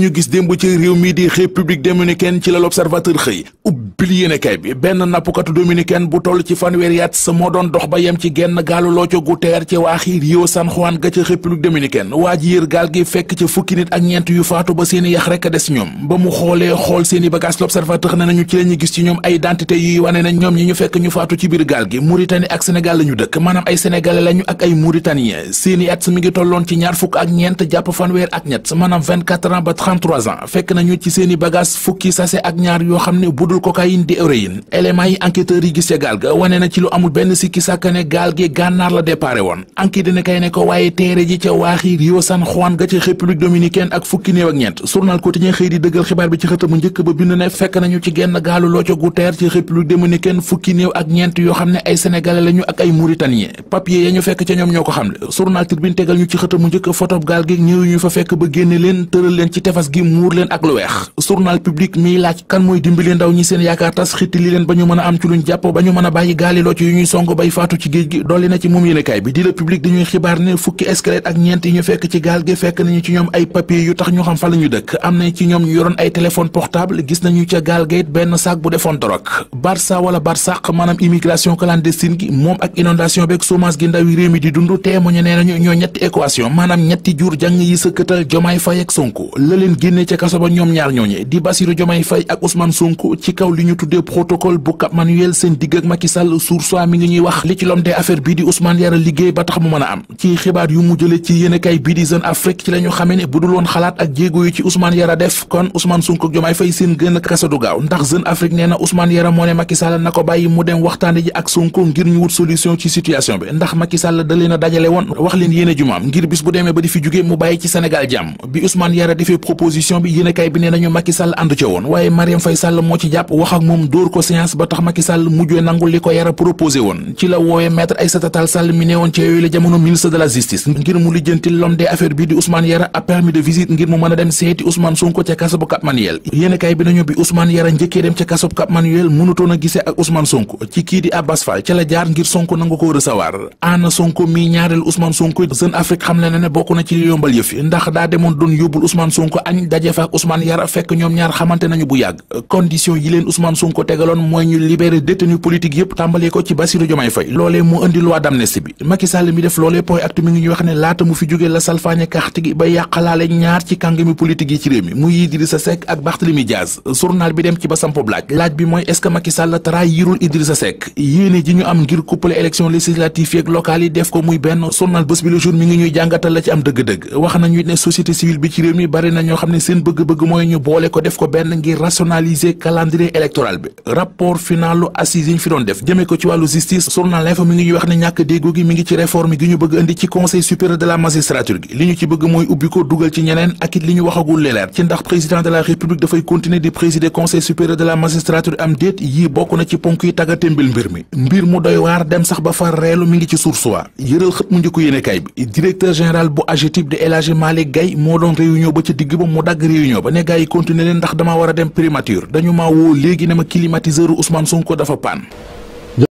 ñu gis démb ci réew mi di république dominicaine ci la l'observateur xëy ubbil yéenekaay bi benn nappkatu dominicaine bu toll ci fanweeri at sa moo doon dox ba yem ci genn gaalu looco gu teer ci waaxi Rio San Juan ga ca république dominicaine waa ji yër gaal gi fekk ca fukki nit ak ñeent yu faatu ba seeni yax rekk a des ñoom ba mu xoolee xool seeni bagage l'observateur ne nañu ci la gis ci ñoom ay identité yuy wane ne ñoom ñi ñu fekk ñu faatu ci biir 33 ans fekk nañu ci seeni bagage fukki sase ak ñaar yoo xam ne budul cocaïne di héroïne éléments yi enquêteurs yi gis ca gaal ga wane na ci lu amul benn sikki sàkka gaal gi gànnaar la déparé woon enquête dina kay ne waaye teere ji ca waaxi Rio Juan ga ci république dominicaine ak fukki néew ak ñeent journal quotidien xëy di dëggal xibaar bi ci xëtamu njëkk ba bind ne fekk nañu ci genn gaalu looco gu teer ci république dominicaine fukki néew ak ñeent pas-pas gi gi moom ak ñeent yi ak inondation gi ndaw yi réew mi di dund téemoñe nee nañu ñoo ñetti équation maanaam ñetti jur jàng yi sëkkatal jomaay fay ak sonko leen génne ca kaso ba ñoom ñaar ñooñe di Bassirou Diomaye Faye ak Ousmane Sonko ci kaw li ñu tuddee protocole bu Cap Manuel seen digg ak Macky Sall mi ngi ñuy wax li ci lomtee affaire bii di Ousmane Yara liggéey ba tax mu mën a am ci xibaar yu mu jële ci yéenekaay bii di Jeune Afrique ci la ñu xamee ne bu dul woon xalaat ak jéego yu ci Ousmane Yara def kon Ousmane Sonko ak Diomaye Faye seen gën a kaso du gaaw ndax Jeune Afrique nee na Ousmane Yara moo ne Macky Sall na ko bàyyi mu ak Sonko ngir ñu wut situation bi ndax Macky Sall da leen dajale woon wax leen yéene jumaam ngir bis bu demee ba di fi jugee mu bàyyi ci Sénégal jàmm bi Ousmane Yara proposition bi yéenekaay bi nee nañu Macky Sall ànd ca woon waaye Mariam Faye Sall moo ci jàpp wax ak moom dóor ko séance ba tax Macky Sall mujjee nangul li ko yara proposé woon ci la woowee maître Aïssata Tall Sall mi ne woon ci yooyu la jamono ngir mu lijjanti l'homme des affaires bi di Ousmane Yara a permis de visite ngir mu mën dem seeti Ousmane Sonko ca kaso bu Manuel yéenekaay bi nañu bi Ousmane Yara njëkkee dem ca kaso bu Manuel mënutoon a ak fa añ daje fa ak Ousmane Yara fekk ñoom ñaar xamante nañu bu yàgg condition yi leen Ousmane Sonko tegaloon mooy ñu libéré détenu politique yëpp tàmbalee ko ci Bassirou Diomaye Faye loolee moo indi loi d'amnistie bi Macky mi def loolee point acte mi ngi wax ne laata mu fi jóge la salfaañe carte ba yàqalaale ñaar ci kàngami politique yi ci réew mi muy Idrissa Seck ak Barthélemy Diaz journal bi dem ci ba sampo laaj laaj bi mooy est-ce la ci ñoo xam ne seen bëgg-bëgg mooy ñu boole ko def ko benn ngir rationaliser calendrier électoral bi rapport finalu assises yi fi doon def jëmee ko ci wàllu justice journal L'Info ngi wax ne ñàkk déggoo gi mi ngi ci réforme gi ñu bëgg indi ci conseil supérieur de la magistrature gi li ñu ci bëgg mooy ubbi ko dugal ci ñeneen ak it li ñu waxagul leer ci ndax président de la république dafay continuer di présider conseil supérieur de la magistrature am déet yi tagga ngi ci source wa yëral xët mu njëkk yéene kay ba mu dagg réunion ba ne gars yi continuer leen ndax dama war a dem primature dañu ma woo léegi ne ma climatiseur Ousmane ko dafa paan